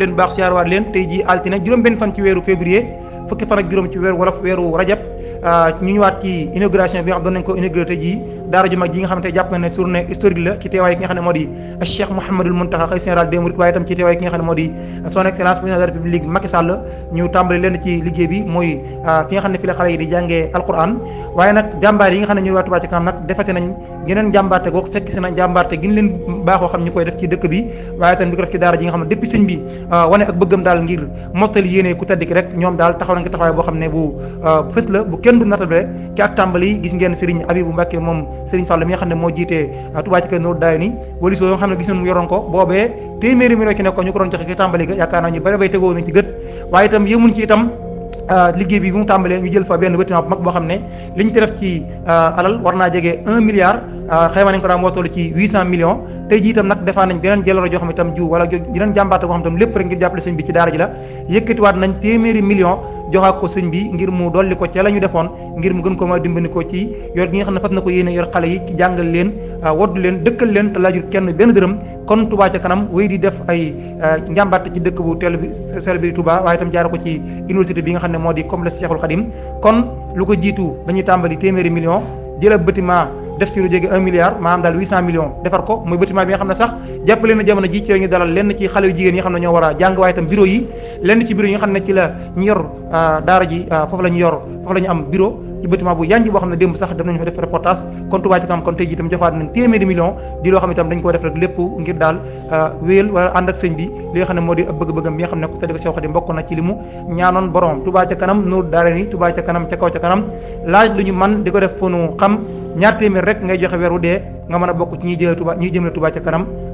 leen baax siyaar waat leen tey jii altine juróom benn fan ci weeru février fukki fan ak juróom ci weeru wolof weeru rajab ah, ñu ñëwaat ci inauguration bi nga xam ne tey jàpp nga historique la ci teewaay ki nga xam ne moo di son excellence président de république Macky Sall ñu tàmbali leen ci liggéey bi mooy ah, fi nga xam ne fi la xale yi di jàngee alquran waaye nag jàmbaar yi nga xam ne ñu waa Touba ca kanam nag defate nañ geneen jàmbaarte goo fekk si nañ jàmbaarte gi ñu leen baaxoo xam ñu koy def ci dëkk bi waaye itam taxaw taxawaay boo xam ne bu euh, fës la bu kenn du natable ci ak tàmbali gis ngeen Serigne Abibou Mbacke moom Serigne Fall mi xam ne moo jiitee euh, Touba ci kër Nour Daay ni walis boo xam ne gis yoroon ko boobee téeméeri million ci nekkoon ñu ko doon joxe ci tàmbali ga yaakaar naa ñu bari bay tegoo nañ ci gët waaye itam yëmuñ ci itam Euh, liggéey bi bi mu tàmbalee ñu jël fa benn bâtiment bu mag boo xam ne li ñu ci def ci euh, alal war naa jege un milliard euh, xayma nañ ko daan moo toll ci huit cent millions tey jii itam nag defaa nañ beneen jëloro joo itam ju wala jeneen jàmbaata goo xam itam lépp rek ngir jàppale sëñ bi ci daara ji la yëkkatiwaat nañ téeméeri million joxaat ko sëñ bi ngir mu dolli ko ca la ñu defoon ngir mu gën ko ma dimbali ko ci yor gi nga xam ne fas na ko yéene yor xale yi jàngal leen waddu leen dëkkal leen te kenn benn dërëm kon tubaa ca kanam wéy di def ay euh, njàmbaat ci dëkk bu teel bi sel bi Touba waaye itam jaare ko ci université bi nga xam ne moo di complexe Cheikhul Khadim kon lu ko jiitu dañuy tàmbali téeméeri million jëlal bâtiment def ci lu jege un milliard maanaam daal huit cent millions defar ko muy bâtiment bi nga xam ne sax jàppale na jamono ji ci la ñu dalal lenn ci xale yu jigéen yi nga xam ne ñoo war a jàng waaye itam bureau yi lenn ci bureau yi nga xam ne ci la ñu yor Euh, daara ji euh, foofu la ñu yor foofu la ñu am bureau ci bâtiment bu yanj boo xam ne démb sax dem nañu fa def reportage kon Touba ci kanam kon tey ji itam joxaat nañ téeméeri million di loo xam ne itam dañ ko def rek lépp ngir daal euh, wéyal wala ànd ak sëñ bi li nga xam ne moo di bëgg-bëggam bi xam ne ku tedd ko Seex Xaadim bokk na ci li mu ñaanoon borom Touba ca kanam nuur daara ni Touba ca kanam ca kaw ca kanam laaj lu ñu man di ko def fonu xam ñaar téeméer rek ngay joxe weeru dee nga mën a bokk ci ñiy jëlee Touba ñiy jëmale Touba kanam